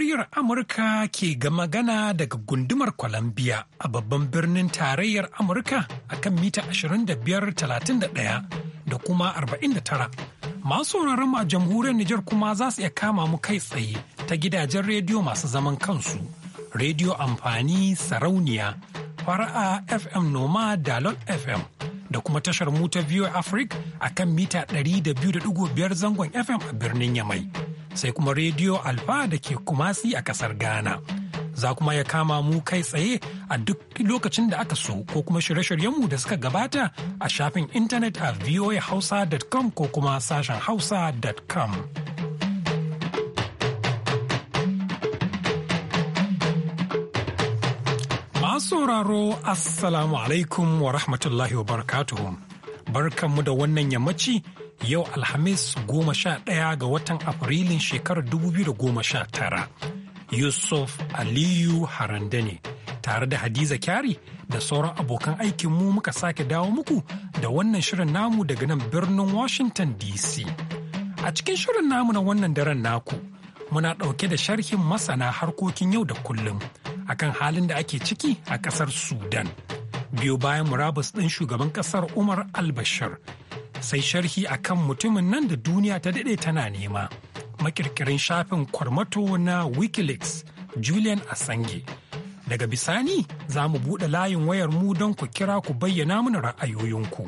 muryar Amurka ke ga magana daga gundumar Columbia a babban birnin tarayyar Amurka a kan mita 2531 da kuma 49. Masu mu a jamhuriyar Nijar kuma za su iya kama mu kai tsaye ta gidajen rediyo masu zaman kansu, rediyo amfani sarauniya, fara'a FM Noma Dalol FM. Da kuma tashar mu ta Viewer Africa a kan mita 200.5 zangon FM a birnin Yamai. sai kuma rediyo alfa da ke kumasi a kasar ghana za kuma ya kama mu kai tsaye a duk lokacin da aka so ko kuma shirye-shiryenmu da suka gabata a shafin intanet a voahausa.com ko kuma sashen hausa.com masu sauraro assalamu alaikum wa rahmatullahi wa barakatuhu barkanmu da wannan yammaci yau Alhamis goma sha ɗaya ga watan Afrilun shekarar dubu biyu da goma sha tara. Yusuf Aliyu Harande ne tare da Hadiza Kyari da sauran abokan aikinmu muka sake dawo muku da wannan shirin namu daga nan birnin Washington DC. A cikin shirin namu na wannan daren naku, muna ɗauke da sharhin masana harkokin yau da kullum akan halin da ake ciki a ƙasar Sudan. biyu bayan murabus ɗin shugaban ƙasar Umar albashir Sai sharhi a kan mutumin nan da duniya ta daɗe tana nema. Makirkirin shafin kwarmato na Wikileaks, Julian Assange. Daga bisani za mu buɗe layin wayar mu don ku kira ku bayyana mana ra'ayoyinku.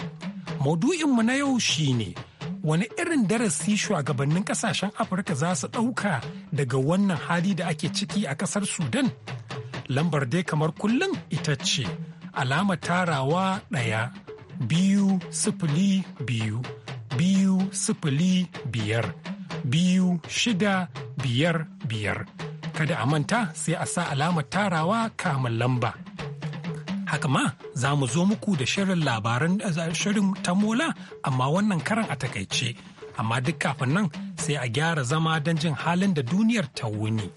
Maudu'inmu na yau shine wani irin darasi shugabannin ƙasashen Afirka za su ɗauka daga wannan hali da ake ciki a ƙasar Sudan? Lambar dai kamar kullum ita ce alama tarawa ɗaya biyu sifili biyu biyu sifili biyar biyu shida biyar biyar kada a manta sai a sa alama tarawa kamun lamba haka ma za mu zo muku da shirin labaran eh, shirin ta mola amma wannan karan a takaice amma duk kafin nan sai a gyara zama don jin halin da duniyar ta wuni.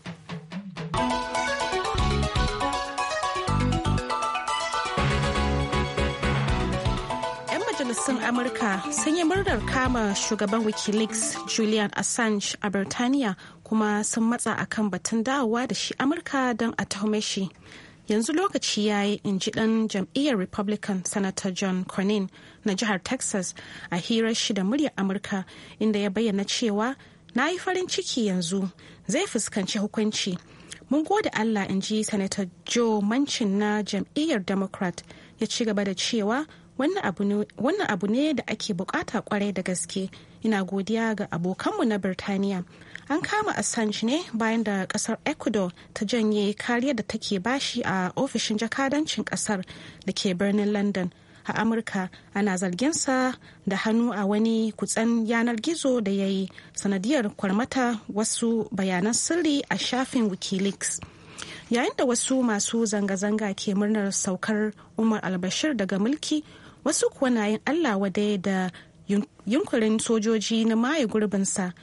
majalisun Amurka sun yi murnar kama shugaban Wikileaks Julian Assange a Birtaniya kuma sun matsa a kan batun dawowa da shi Amurka don a tahume shi. yanzu lokaci ya yi in ji ɗan jam'iyyar republican senator john cornyn na jihar texas a hirar shi da muryar amurka inda ya bayyana cewa na yi farin ciki yanzu zai fuskanci hukunci mun gode allah in ji senator joe manchin na jam'iyyar democrat ya ci gaba da cewa wannan abu ne da ake bukata kwarai da gaske ina godiya ga abokanmu na birtaniya an kama assange ne bayan da kasar ecuador ta janye kariyar da take bashi a ofishin jakadancin kasar da ke birnin london a amurka ana zarginsa da hannu a wani kutsen yanar gizo da ya yi sanadiyar kwarmata wasu bayanan sirri a shafin wikileaks yayin da wasu masu zanga-zanga ke murnar saukar umar albashir daga mulki wasu kuwa na yin allah wadai da yunkurin sojoji na maye gurbinsa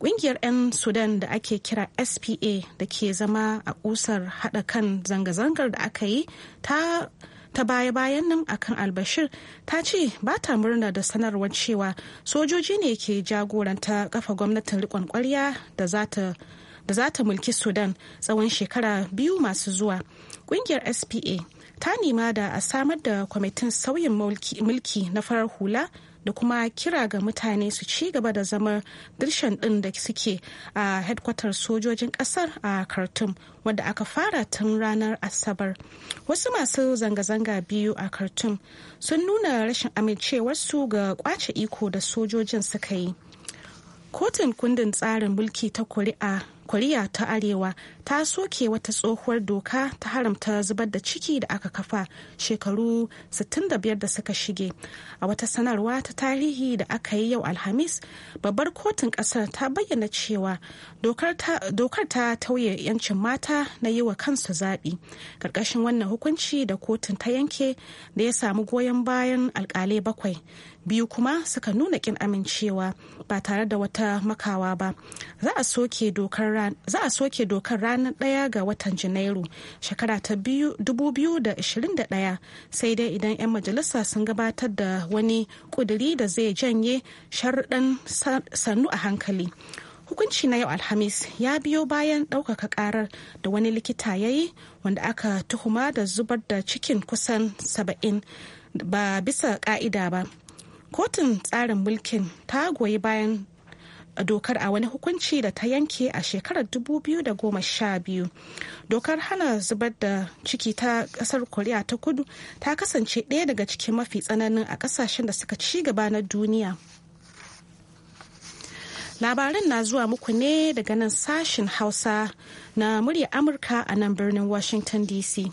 ƙungiyar 'yan sudan da ake kira spa da ke zama a ƙusar haɗa kan zanga-zangar da aka yi ta ta baya-bayan nan akan albashir ta ce ba ta murna da sanarwar cewa sojoji ne ke jagoranta kafa gwamnatin rikon kwarya da za mulki sudan tsawon shekara biyu masu zuwa ƙungiyar spa ta nema da a samar da kwamitin sauyin mulki na farar hula da kuma kira ga mutane su ci gaba da zama dirshan din da suke a hedkwatar sojojin kasar a khartoum wadda aka fara tun ranar asabar wasu masu zanga-zanga biyu a khartoum sun nuna rashin amincewarsu ga kwace iko da sojojin suka yi kotun kundin tsarin mulki ta koriya ta arewa ta soke wata tsohuwar doka ta haramta zubar da ciki da aka kafa shekaru 65 da suka shige a wata sanarwa ta tarihi da aka yi yau alhamis babbar kotun kasar ta bayyana cewa dokar ta tauye 'yancin mata na yi wa kansu zaɓi ƙarƙashin wannan hukunci da kotun ta yanke da ya samu goyon bayan alƙalai bakwai biyu kuma suka nuna ƙin amincewa ba tare da wata makawa ba za a soke dokar ranar ɗaya ga watan janairu shekara ta 2021 sai dai idan 'yan majalisa sun gabatar da wani ƙuduri da zai janye sharuɗan sannu a hankali hukunci na yau alhamis ya biyo bayan ɗaukaka ƙarar da wani likita ya yi wanda aka tuhuma da zubar da cikin kusan 70 ba bisa ƙa'ida ba kotun tsarin mulkin ta goyi bayan dokar a wani hukunci da ta yanke a shekarar 2012 dokar hana zubar da ciki ta kasar koriya ta kudu ta kasance ɗaya daga cikin mafi tsananin a kasashen da suka ci gaba na duniya labarin na zuwa muku ne daga nan sashen hausa na murya amurka a nan birnin washington dc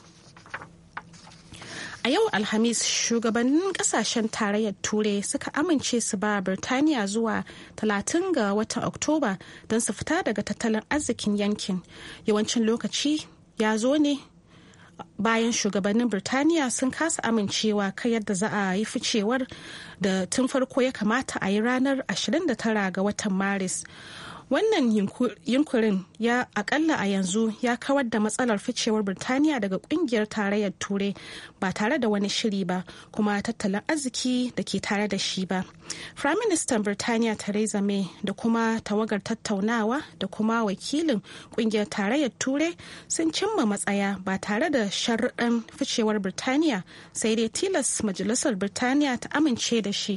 A yau Alhamis shugabannin kasashen tarayyar Turai suka amince su ba Birtaniya zuwa 30 ga watan Oktoba don su fita daga tattalin arzikin yankin. Yawancin lokaci ya zo ne bayan shugabannin Birtaniya sun kasa amincewa kan yadda za a yi ficewar da tun farko ya kamata a yi ranar 29 ga watan Maris. wannan yunkurin ya akalla a yanzu ya kawar da matsalar ficewar birtaniya daga kungiyar tarayyar turai ba tare da wani shiri ba kuma tattalin arziki da ke tare da shi ba firaministan birtaniya theresa may da kuma tawagar tattaunawa da kuma wakilin kungiyar tarayyar turai sun cimma matsaya ba tare da sharuɗan ficewar birtaniya sai dai tilas majalisar birtaniya ta amince da shi.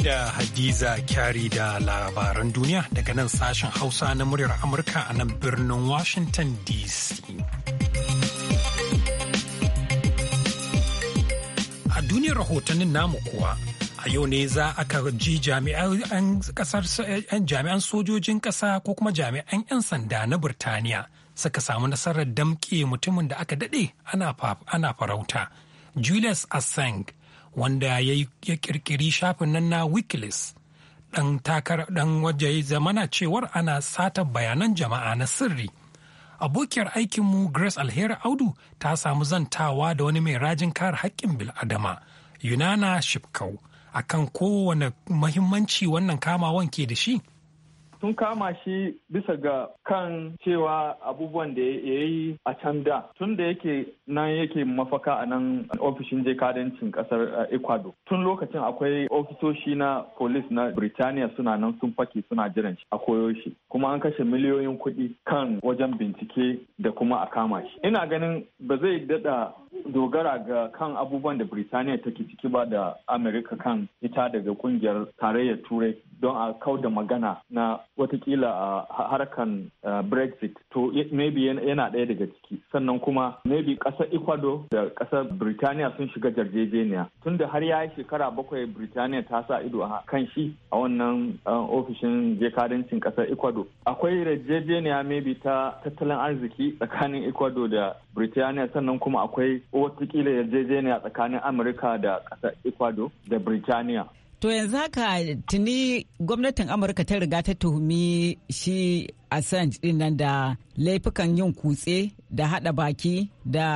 da Hadiza Kyari da labaran duniya daga nan sashen Hausa na muryar Amurka a nan birnin Washington DC. A duniyar rahotannin namu kuwa, a yau ne za a ji jami'an sojojin ƙasa ko kuma jami'an 'yan sanda na Burtaniya suka samu nasarar damke mutumin da aka daɗe ana farauta. Julius Assange wanda ya kirkiri shafin nan na wikileaks dan takar dan waje zamana cewar ana sata bayanan jama'a na sirri abokiyar aikinmu grace alheri audu ta samu zantawa da wani mai rajin kare haƙƙin bil'adama yunana shifkau akan kowane mahimmanci wannan kamawan ke da shi sun kama shi bisa ga kan cewa abubuwan da ya yi a can da tun da yake nan yake mafaka a nan ofishin je Kadancin kasar eh, ecuador tun lokacin akwai ofisoshi na polis na birtaniya suna nan sun fake suna jiran shi a koyo shi kuma an kashe miliyoyin kuɗi kan wajen bincike da kuma a kama shi ina ganin ba zai dada. dogara ga kan abubuwan da Birtaniya take ciki ba da Amerika kan ita daga kungiyar tarayyar Turai don a kau da magana na watakila a harkan Brexit to maybe yana ɗaya daga ciki sannan kuma maybe ƙasar Ecuador da ƙasar Birtaniya sun shiga jarjejeniya tunda har yayi shekara bakwai Birtaniya ta sa ido a kan shi a wannan ofishin jekadancin ƙasar Ecuador akwai yarjejeniya maybe ta tattalin arziki tsakanin Ecuador da Birtaniya sannan kuma akwai watakila yarjejeniya tsakanin amurka da ƙasar ecuador da birtaniya To yanzu haka tuni gwamnatin Amurka ta riga ta tuhumi shi Assange din nan da laifukan yin kutse da hada baki da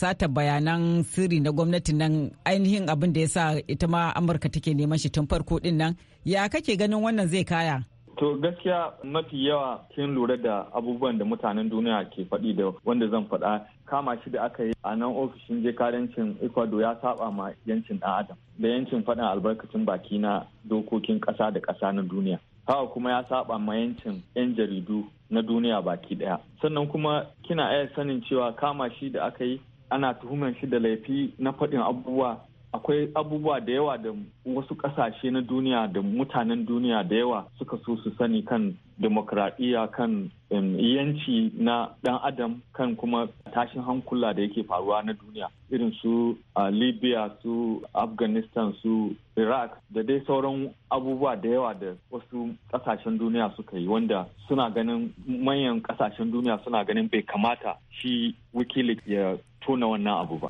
sata bayanan sirri na gwamnatin nan ainihin abin da ya sa ita ma Amurka take neman shi tun farko din nan. Ya kake ganin wannan zai kaya? To gaskiya mafi yawa kin lura da abubuwan da mutanen duniya ke faɗi da wanda zan faɗa kama shi da aka yi a nan ofishin jekadancin ecuador ya saba ma yancin ɗan adam da yancin faɗin albarkacin baki na dokokin ƙasa da ƙasa na duniya hawa kuma ya saba ma yancin 'yan jaridu na duniya baki ɗaya sannan kuma kina iya sanin cewa kama shi da aka yi ana tuhumar shi da laifi na faɗin abubuwa akwai abubuwa da yawa da wasu kasashe na duniya da mutanen duniya da yawa suka so su sani kan demokradiyya kan yanci na dan adam kan kuma tashin hankula da yake faruwa na duniya irin su libya su afghanistan su iraq da dai sauran abubuwa da yawa da wasu kasashen duniya suka yi wanda suna ganin manyan kasashen duniya suna ganin bai kamata shi wikileaks ya tona wannan abu ba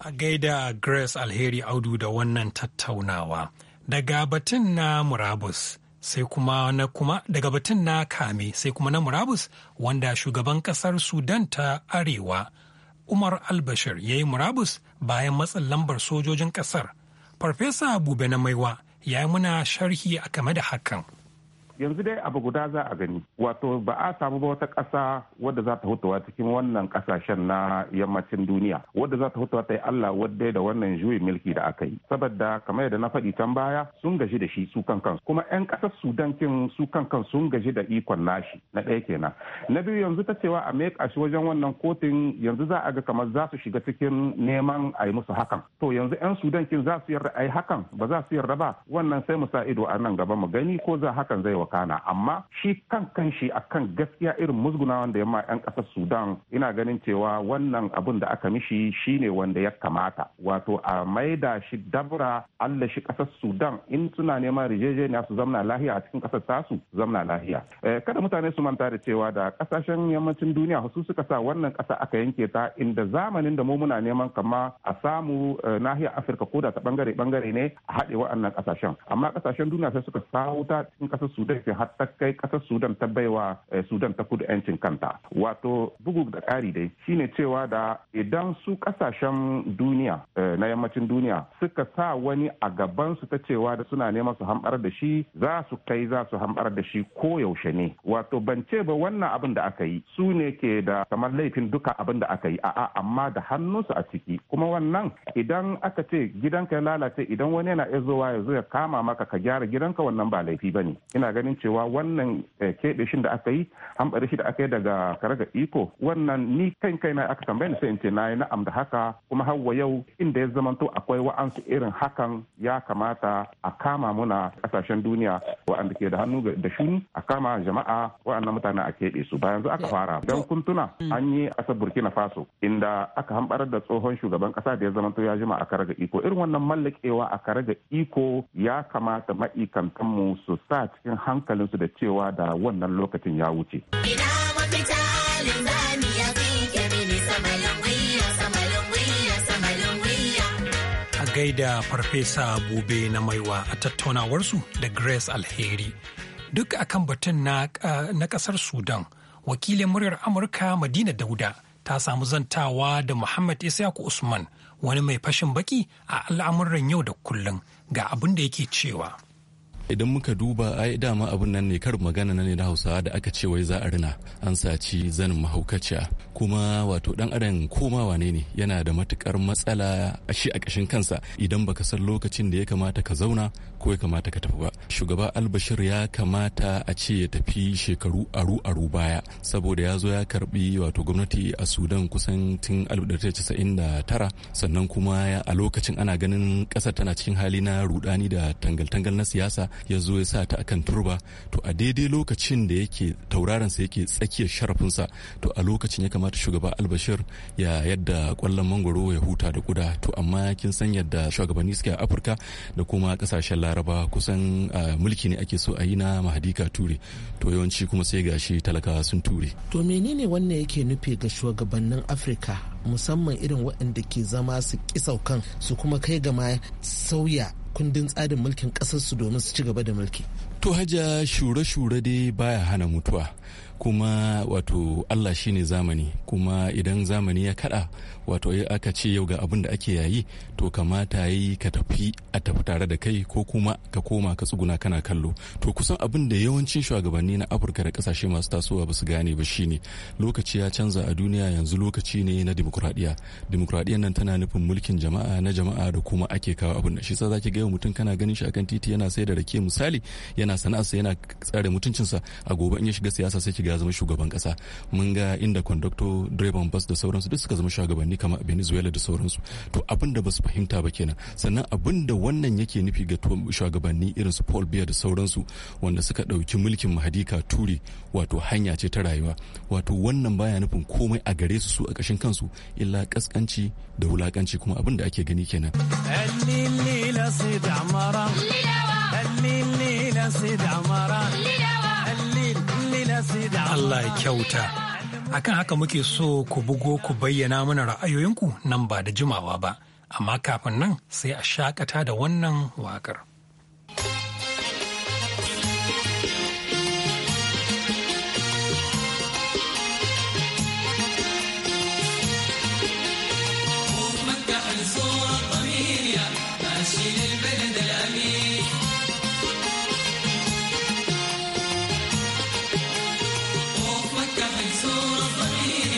a gaida Grace Alheri Audu da wannan tattaunawa. Daga batun na murabus sai kuma na kuma daga batun na kame sai kuma na murabus wanda shugaban kasar Sudan ta Arewa Umar Albashir ya yi murabus bayan matsin lambar sojojin kasar. Farfesa Bube na Maiwa ya yi muna sharhi a game da hakan. yanzu dai abu guda za a gani wato ba a samu ba wata kasa wadda za ta hutuwa cikin wannan kasashen na yammacin duniya wadda za ta hutuwa ta yi Allah wadda da wannan juyin mulki da aka yi saboda kamar yadda na faɗi can baya sun gaji da shi su kan kansu kuma 'yan ƙasar Sudan kin su kan sun gaji da ikon nashi na ɗaya kenan na biyu yanzu ta cewa a meka shi wajen wannan kotun yanzu za a ga kamar za su shiga cikin neman a yi musu hakan to yanzu 'yan Sudan kin za su yarda a yi hakan ba za su yarda ba wannan sai mu sa ido a nan gaba mu gani ko za hakan zai wa wakana amma shi kan kan shi kan gaskiya irin musgunawan da yamma yan kasar sudan ina ganin cewa wannan abin da aka mishi shine wanda ya kamata wato a maida shi dabra allah shi kasar sudan in suna neman rijejeniya su zamna lahiya a cikin kasar tasu zamna lahiya eh, kada mutane su manta da cewa da kasashen yammacin duniya su suka sa wannan kasa aka yanke ta inda zamanin da mu muna neman kama a samu eh, nahiyar afirka ko da ta bangare bangare ne a haɗe wa'annan kasashen amma kasashen duniya sai suka sa ta cikin kasar sudan karfe har ta kai kasar sudan ta baiwa eh, sudan ta kudu yancin kanta wato bugu da ƙari dai shine cewa da idan su kasashen duniya eh, na yammacin duniya suka sa wani a gaban su ta cewa da suna neman su hambar da shi za su kai za su hambar da shi ko yaushe ne wato ban ce ba wannan abin da aka yi su ne ke da kamar laifin duka abin da aka yi a'a amma da hannunsu a ciki kuma wannan idan aka ce gidanka ya lalace idan wani yana iya zowa ya zo ya kama maka ka gyara gidanka wannan ba laifi ba ne ina ganin ganin cewa wannan eh, keɓe shi da aka yi hamɓare shi da aka yi daga kare ga iko wannan ni kan kai na aka tambaye sai in ce na yi na'am da haka kuma hawa yau inda ya zamanto akwai wa'ansu irin hakan ya kamata a kama muna kasashen duniya wa'anda ke da hannu da shuni a kama jama'a wa'annan mutane a keɓe su bayan aka eh, fara don kun mm. an yi ƙasar burkina faso inda aka hamɓarar da tsohon shugaban kasa da ya zamanto ya jima a kare ga iko irin wannan mallakewa a kare ga iko ya kamata ma'ikantanmu su sa cikin hankali hankalinsu da cewa da wannan lokacin ya wuce. A gaida Farfesa Bube na Maiwa a tattaunawarsu da Grace Alheri. Duk akan batun na kasar Sudan, wakilin muryar Amurka Madina Dauda ta samu zantawa da Muhammad Isyaku Usman wani mai fashin baki a al'amuran yau da kullum ga abin da yake cewa. idan muka duba ai dama abin nan ne kar magana na ne na hausawa da aka ce wai za a rina an saci zanin mahaukaciya kuma wato dan adam koma wane ne yana da matukar matsala a shi a kashin kansa idan baka san lokacin da ya kamata ka zauna ko ya kamata ka tafi ba shugaba albashir ya kamata a ce ya tafi shekaru aru aru baya saboda ya zo ya karbi wato gwamnati a sudan kusan tun tara, sannan kuma a lokacin ana ganin kasar tana cikin hali na rudani da tangal-tangal na siyasa ya zo ya sa ta akan turba to a daidai lokacin da yake tauraron sa yake tsakiyar sa to a lokacin ya kamata shugaba albashir ya yadda kwallon mangoro ya huta da kuda to amma kin san yadda shugabanni suke a afirka da kuma kasashen laraba kusan mulki ne ake so a yi na mahadika ture to yawanci kuma sai gashi talakawa sun ture to menene wannan yake nufi ga shugabannin afirka musamman irin waɗanda ke zama su kisaukan su kuma kai gama sauya kundin tsarin mulkin ƙasarsu domin su ci gaba da mulki. To haja shure-shure dai baya hana mutuwa kuma wato Allah shine zamani kuma idan zamani ya kada wato ya eh, aka ce yau ga abin da ake yayi to kamata yi ka tafi a tafi tare da kai ko kuma ka koma ka tsuguna kana kallo to kusan abin da yawancin shugabanni na afirka da kasashe masu tasowa ba su gane ba shine lokaci ya canza a duniya yanzu lokaci ne na dimokuraɗiyya dimokuraɗiyyar nan tana nufin mulkin jama'a na jama'a da kuma ake kawo abin da shi sa zaki ga mutum kana ganin shi akan titi yana sai da rake misali yana sana'arsa yana tsare mutuncinsa a gobe in ya shiga siyasa sai ki ga zama shugaban kasa mun ga inda kwandakto direban bas da sauransu duk suka zama shugabanni kamar venezuela da sauransu to abin da ba su fahimta ba kenan sannan abin da wannan yake nufi ga shugabanni irin su paul biya da sauransu wanda suka ɗauki mulkin mahadika ture wato hanya ce ta rayuwa wato wannan baya nufin komai a gare su su a kashin kansu illa ƙasƙanci da wulaƙanci kuma abin da ake gani kenan. Allah ya kyauta. Akan haka muke so ku bugo ku bayyana mana ra'ayoyinku nan ba da jimawa ba, amma kafin nan sai a shakata da wannan waƙar.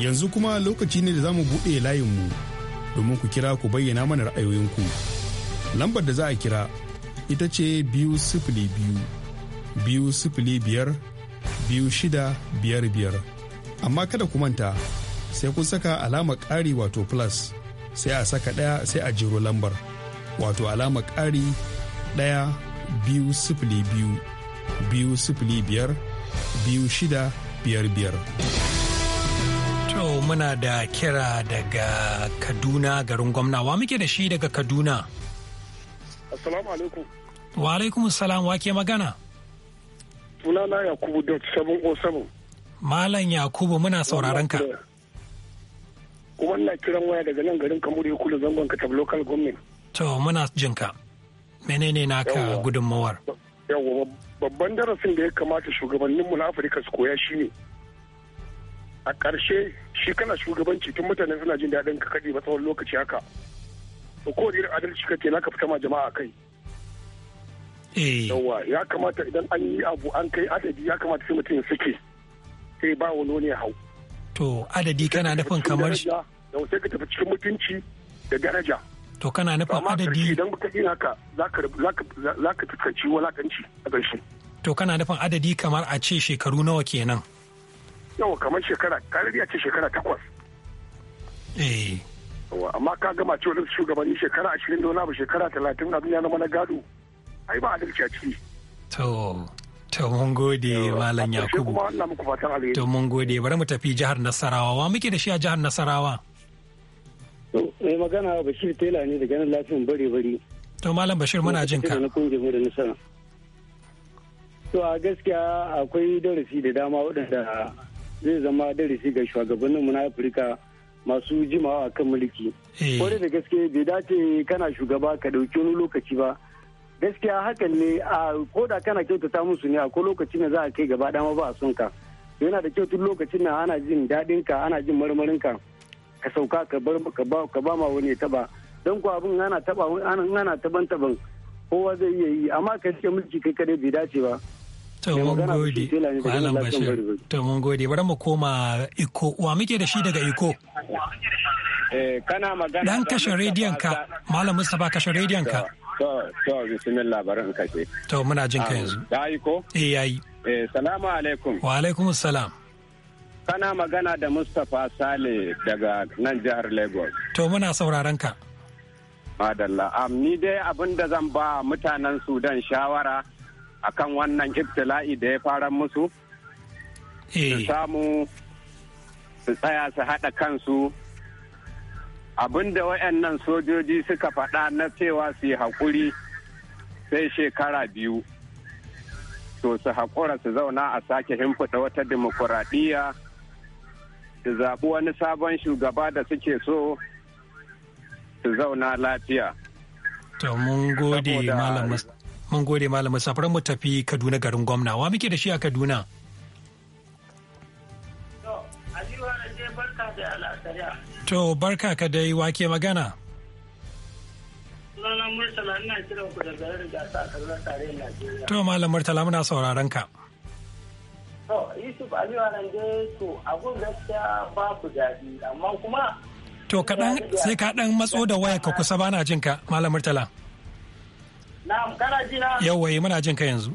yanzu kuma lokaci ne da za mu buɗe layinmu domin ku kira ku bayyana mana ra'ayoyinku. Lambar da za a kira ita ce biyu sifili biyu biyu sifili biyar biyu shida biyar biyar amma kada ku manta sai kun saka alama ƙari wato plus sai a saka ɗaya sai a jiro lambar wato alama ƙari ɗaya biyu sifili biyu biyu sifili biyar biyu shida biyar biyar. To muna da kira daga Kaduna garin gwamna wa muke da shi daga Kaduna. Assalamu alaikum. Wa alaikum salam wa ke magana? Sunana Yakubu Dot 707. Malam Yakubu muna sauraron ka. Kuma kiran waya daga nan garin Kamuri Kulu zangon Katab Local Government. To muna jin ka. Menene naka gudunmawar? Yawwa babban darasin da ya kamata mu na Afirka su koya shi ne. A ƙarshe shi kana shugabanci tun mutane suna jin daɗin ka kaɗi ba tsawon lokaci haka. To irin adalci kake na ka fita ma jama'a kai. Eh. Yawwa ya kamata idan an yi abu an kai adadi ya kamata sai mutum ya sake. sai ba wani ne hau. To adadi kana nufin kamar shi. Da sai ka tafi cikin mutunci da daraja. To kana nufin adadi. Idan baka yi haka za ka fuskanci walakanci a ƙarshe. To kana nufin adadi kamar a ce shekaru nawa kenan. Yawa kamar shekara, kare a ce shekara takwas. Eh. amma ka gama cewa wani shugabanni shekara ashirin da wani abu shekara talatin abin ya na mana gado ai ba adalci a ciki. To. To mun gode Malam Yakubu. To mun gode bari mu tafi jihar Nasarawa. Wa muke da shi a jihar Nasarawa? Mai magana Bashir Tela ne da ganin lafiyan bare bari To Malam Bashir muna jin ka. To a gaskiya akwai darasi da dama waɗanda zai zama darasi ga shugabanninmu na Afirka masu jimawa kan mulki. Eh. Kwarai da gaske bai dace kana shugaba ka ɗauki wani lokaci ba. gaskiya hakan ne a koda kana kyautata musu ne a ko lokacin ne za a kai gaba dama ba a son ka yana da kyau tun lokacin nan ana jin daɗin ka ana jin marmarin ka ka sauka ka bar ka ba ma wani taba don ko abin ana taba ana taban taban kowa zai iya yi amma ka ce mulki kai kadai bai dace ba ta mun gode malam bashir ta mun gode bari mu koma iko wa muke da shi daga iko eh, kana magana dan kashe rediyon ka malam mustafa kashe rediyon ka To, to, bismillah bari kashe. To, muna jin ka yanzu. Ya yi ko? Eh, ya yi. Eh, salamu alaikum. Wa alaikum salam. Kana magana da Mustapha Sale daga nan jihar Lagos. To, muna sauraron ka. Madalla, am ni dai abin da zan ba mutanen Sudan shawara akan wannan ibtila'i da ya fara musu. Su eh. samu su tsaya su haɗa kansu abin da wayannan sojoji suka faɗa na cewa su yi haƙuri sai shekara biyu to su haƙura su zauna a sake himfida wata dimokuraɗiyya su zaɓi wani sabon shugaba da suke so su zauna lafiya. To mun gode malam Mustapha mu tafi Kaduna garin gwamna. Wa muke da shi a Kaduna? To barka ka dai wake magana. Sunana Murtala ina kiran ku daga garin gasa a Kaduna tarayyar Najeriya. To Malam Murtala muna sauraron ka. To Yusuf Aliyu nan dai to abun gaskiya ba ku daɗi amma kuma. To kaɗan sai ka ɗan matso da waya ka kusa bana jin ka Malam Murtala. Na'am kana jina. na. Yawwa eh, muna jin ka yanzu.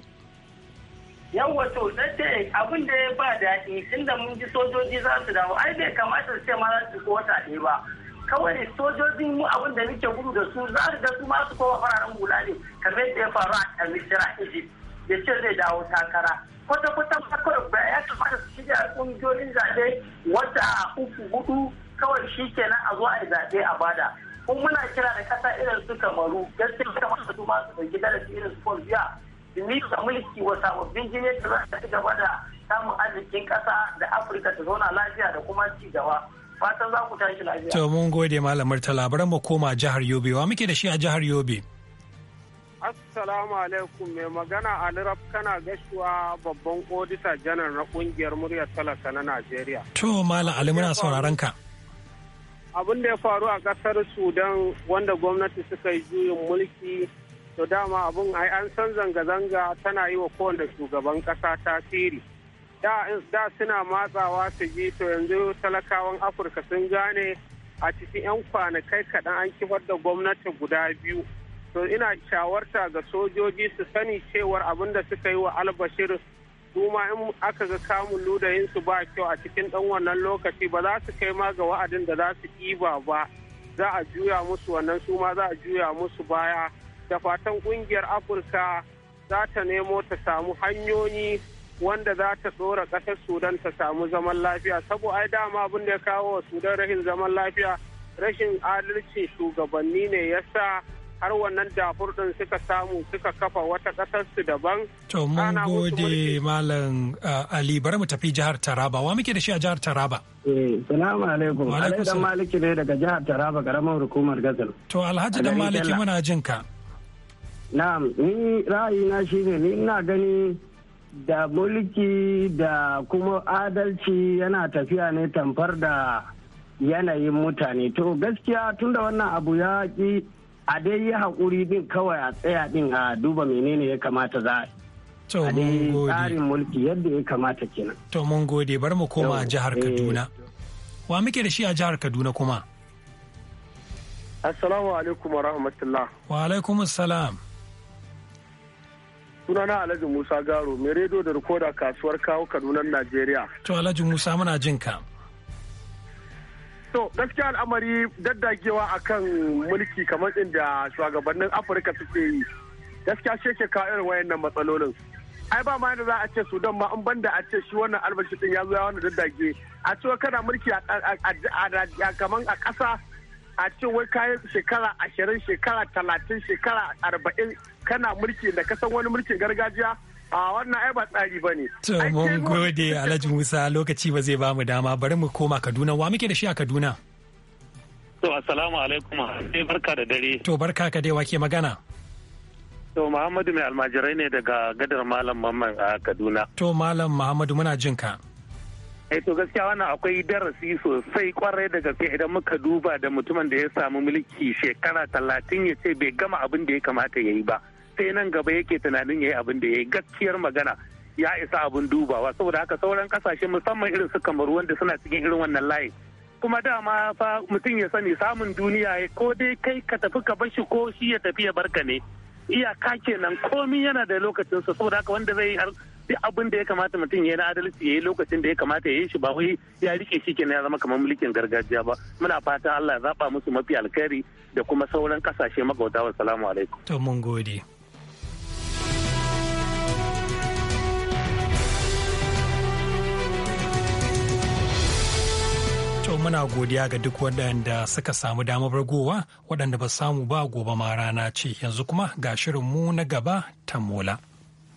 yawwa to ce abin da ya ba daɗi tun da mun ji sojoji za su dawo ai bai kamata su ce ma za su wata tafi ba kawai sojojin mu abin da muke gudu da su za su ga su ma kowa fararen hula ne kamar yadda ya faru a misira egypt ya ce zai dawo takara kwata kwata ma kawai ba ya kamata su shirya ƙungiyoyin zaɓe wata uku hudu kawai shi kenan a zo a zaɓe a bada kuma muna kira da ƙasa irin su kamaru gaskiya kamata su ma su ɗauki darasi irin su biya da mulki wa sababbin jini da za ta gaba da samun arzikin kasa da afirka ta zauna lafiya da kuma ci gaba fatan za ku tashi lafiya. to mun gode malamar ta labaran mu koma jihar yobe wa muke da shi a jihar yobe. Assalamu alaikum mai magana Alirab kana gashuwa babban odita janar na kungiyar muryar talaka na Najeriya. To Malam Ali muna sauraron ka. Abin da ya faru a kasar Sudan wanda gwamnati suka yi juyin mulki to dama abun ai an san zanga-zanga tana yi wa kowanne shugaban ƙasa tasiri da suna matsawa su ji to yanzu talakawan afirka sun gane a cikin 'yan kwanakai kaɗan an kifar da gwamnati guda biyu to ina shawarta ga sojoji su sani cewar abin da suka yi wa albashir kuma in aka ga kamun su ba kyau a cikin ɗan wannan lokaci ba za su kai ma ga wa'adin da za su ɗiba ba za a juya musu wannan su ma za a juya musu baya da fatan kungiyar afirka za ta nemo ta samu hanyoyi wanda za ta tsora kasar sudan ta samu zaman lafiya sabo ai dama abin da ya kawo wa sudan rashin zaman lafiya rashin adalci shugabanni ne ya sa har wannan dafur din suka samu suka kafa wata kasar su daban to mun gode malam uh, ali bari mu tafi jihar taraba wa muke da shi a jihar taraba eh, Salamu alaikum. Alhaji Dan Maliki ne daga jihar Taraba garaman hukumar Gazal. To Alhaji Dan Maliki muna jin ka. na'am ni ra'ayi shi shine ni ina gani da mulki da kuma adalci yana tafiya ne tamfar da yanayin mutane to gaskiya tunda wannan abu ya ki a dai yi haƙuri din kawai a tsaya din a duba menene ya kamata za a tsarin mulki yadda ya kamata kenan. To mun gode bar mu koma a jihar eh. Kaduna. Wa muke da shi a jihar Kaduna kuma? Assalamu alaikum wa rahmatullah. Wa alaikum salam. sunana alhaji musa garo mai rediyo da rikoda kasuwar kawo kadunan najeriya to alhaji musa muna jin ka to gaskiya al'amari daddagewa akan mulki kamar inda shugabannin afirka suke yi gaskiya shi ke kawo irin wayannan matsalolin ai ba ma yadda za a ce sudan ma in banda a ce shi wannan albashi din ya zo ya wani daddage a cewa kana mulki a kaman a ƙasa a ce wai kayan shekara ashirin shekara talatin shekara arba'in kana mulki da kasan wani mulkin gargajiya a wannan ai ba tsari ba ne. to mun gode alhaji musa lokaci ba zai ba mu dama bari mu koma kaduna wa muke da shi a kaduna. to assalamu alaikum sai eh, barka da dare. to barka ka dai wake magana. to muhammadu mai almajirai ne daga gadar malam mamman a kaduna. to malam muhammadu muna jin ka. Eh to gaskiya wannan akwai darasi sosai kwarai da gaske idan muka duba da mutumin da ya samu mulki shekara talatin ya ce bai gama abin da ya kamata ya yi ba sai nan gaba yake tunanin ya yi abin da ya yi gaskiyar magana ya isa abin dubawa saboda haka sauran kasashe musamman irin su kamar wanda suna cikin irin wannan layi. kuma dama fa mutum ya sani samun duniya ko dai kai ka tafi ka bashi ko shi ya tafi ya barka ne iyaka kenan komi yana da lokacinsa saboda haka wanda zai duk abin da ya kamata mutum ya yi na adalci ya yi lokacin da ya kamata ya yi shi ba wai ya rike shi kenan ya zama kamar mulkin gargajiya ba muna fatan Allah ya zaba musu mafi alkhairi da kuma sauran kasashe magauta wa salamu alaikum to mun gode muna godiya ga duk waɗanda suka samu damar ragowa waɗanda ba samu ba gobe ma rana ce yanzu kuma ga shirinmu na gaba ta mola.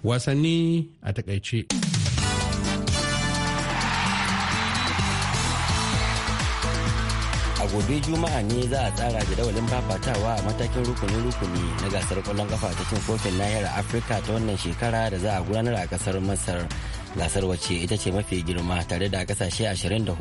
wasanni a takaice. a gobe juma'a ne za a tsara jadawalin fafatawa a matakin rukuni-rukuni na gasar kwallon kafa ta cin kofin nahiyar afirka ta wannan shekara da za a gudanar a kasar masar gasar wacce ita ce mafi girma tare da kasashe 24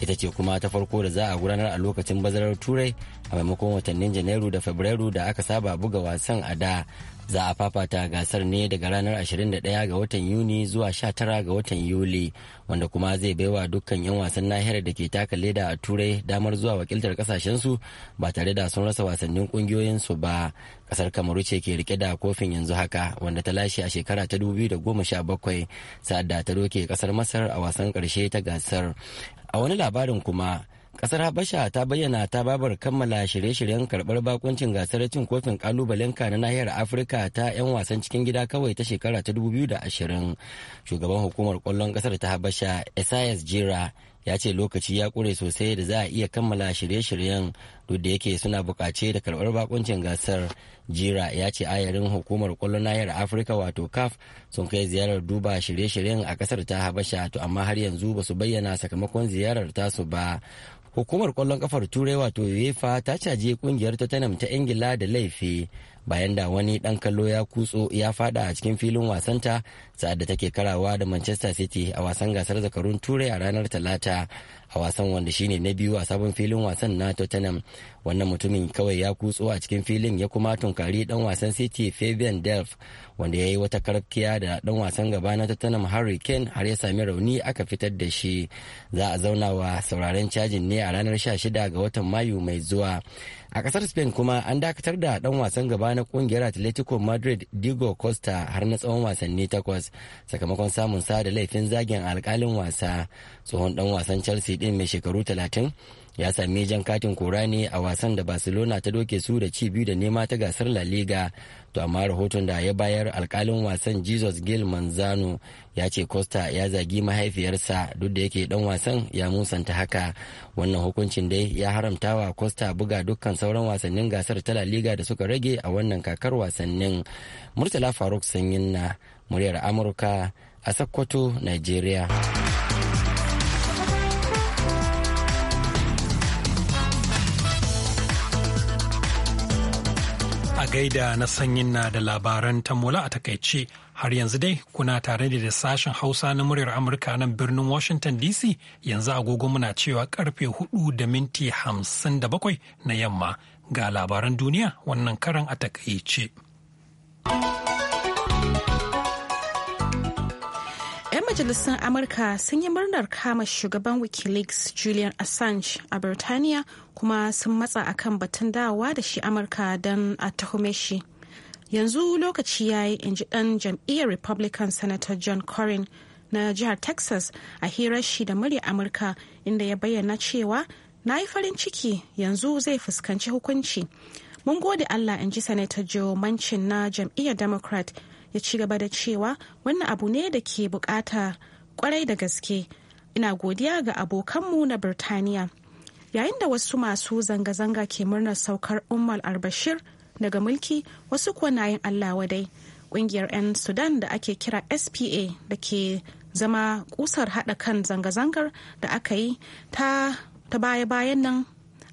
ita ce kuma ta farko da za a gudanar a lokacin bazarar turai a maimakon watannin janairu da fabrairu da aka saba buga wasan a da za a fafata gasar ne daga ranar 21 ga watan yuni zuwa 19 ga watan yuli wanda kuma zai baiwa dukkan 'yan wasan nahiyar da ke taka leda a turai damar zuwa wakiltar kasashensu ba tare da sun rasa wasannin kungiyoyinsu ba kasar kamaru ce ke rike da kofin yanzu haka wanda ta lashe a shekara ta 2017 sa'ad da ta doke kasar masar a wasan karshe ta gasar a wani labarin kuma kasar habasha ta bayyana ta babar kammala shirye-shiryen karbar bakuncin gasar cin kofin kalubalen ka na nahiyar afirka ta 'yan wasan cikin gida kawai ta shekara ta 2020 shugaban hukumar kwallon kasar ta habasha esayas jira ya ce lokaci ya kure sosai da za a iya kammala shirye-shiryen duk da yake suna bukace da karbar bakuncin gasar jira ya ce ayarin hukumar kwallon nayar afirka wato caf sun kai ziyarar duba shirye-shiryen a kasar ta habasha to amma har yanzu ba su bayyana sakamakon ziyarar tasu ba hukumar kwallon kafar turai wato uefa ta caje kungiyar tottenham ta ingila da laifi bayan da wani ɗan kallo ya kutso ya fada a cikin filin wasanta sa'ad da take karawa da manchester city a wasan gasar zakarun turai a ranar talata a wasan wanda shine na biyu a sabon filin wasan na tottenham wannan mutumin kawai ya kutso a cikin filin ya kuma tunkari dan wasan city fabian delf wanda ya yi wata karfkiya da dan wasan gaba na tottenham harry kane har ya sami rauni aka fitar da shi za a zauna wa sauraren cajin ne a ranar 16 ga watan mayu mai zuwa a kasar spain kuma an dakatar da dan wasan gaba na kungiyar atletico madrid diego costa har na tsawon wasanni takwas sakamakon samun sa da laifin zagin alkalin wasa tsohon dan wasan chelsea din mai shekaru talatin ya sami jan katin kura ne a wasan da barcelona ta doke su da ci biyu da nema ta gasar la liga to amma rahoton da ya bayar alkalin wasan jesus gil manzano ya ce costa ya zagi mahaifiyarsa duk da yake dan wasan ya musanta haka wannan hukuncin dai ya haramta wa costa buga dukkan sauran wasannin gasar ta la liga da suka rage a wannan kakar wasannin murtala faruk sanyin na muryar amurka a sakkwato nigeria gaida na sanyin na da labaran tamola a takaice har yanzu dai kuna tare da sashen hausa na muryar amurka nan birnin washington dc yanzu agogo muna cewa karfe 4 da minti 57 na yamma ga labaran duniya wannan karan a takaice. majalisar Amurka sun yi murnar kama shugaban Wikileaks Julian Assange a Birtaniya kuma sun matsa akan batun dawa da shi Amurka don a tuhume shi. Yanzu lokaci ya yi in ji ɗan jam'iyyar Republican Senator John corin na jihar Texas a hirar shi da murya Amurka inda ya bayyana cewa na yi farin ciki yanzu zai fuskanci hukunci. Mun gode Allah in ji Senator Joe Manchin na jam'iyyar Democrat ya ci gaba da cewa wannan abu ne da ke bukata kwarai da gaske ina godiya ga abokanmu na birtaniya yayin da wasu masu zanga-zanga ke murnar saukar umar albashir daga mulki wasu kuwa na yin allah wadai kungiyar 'yan sudan da ake kira spa da ke zama kusar hada kan zanga-zangar da aka yi ta baya-bayan nan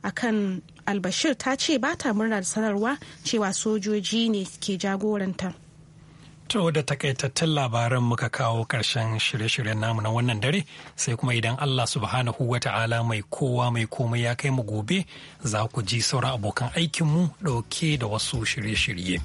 a kan albashir ta ce ba ta murnar sanarwa cewa sojoji ne ke jagoranta To da takaitattun labaran muka kawo ƙarshen shirye-shiryen namu na wannan dare sai kuma idan Allah subhanahu wa ta'ala mai kowa mai komai ya kai mu gobe za ku ji sauran abokan aikinmu ɗauke da wasu shirye-shirye.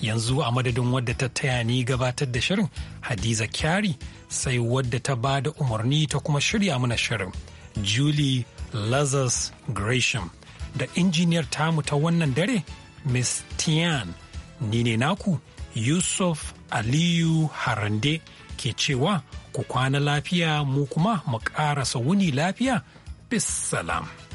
Yanzu a madadin wadda ta taya ni gabatar da shirin Hadiza Kyari sai wadda ta ba da umarni ta kuma shirya mana shirin Julie Lazarus Gresham da injiniyar tamu ta wannan dare Miss Tian ni ne naku Yusuf Aliyu Harande ke cewa ku kwana lafiya mu kuma mu ƙarasa wuni lafiya bis salam.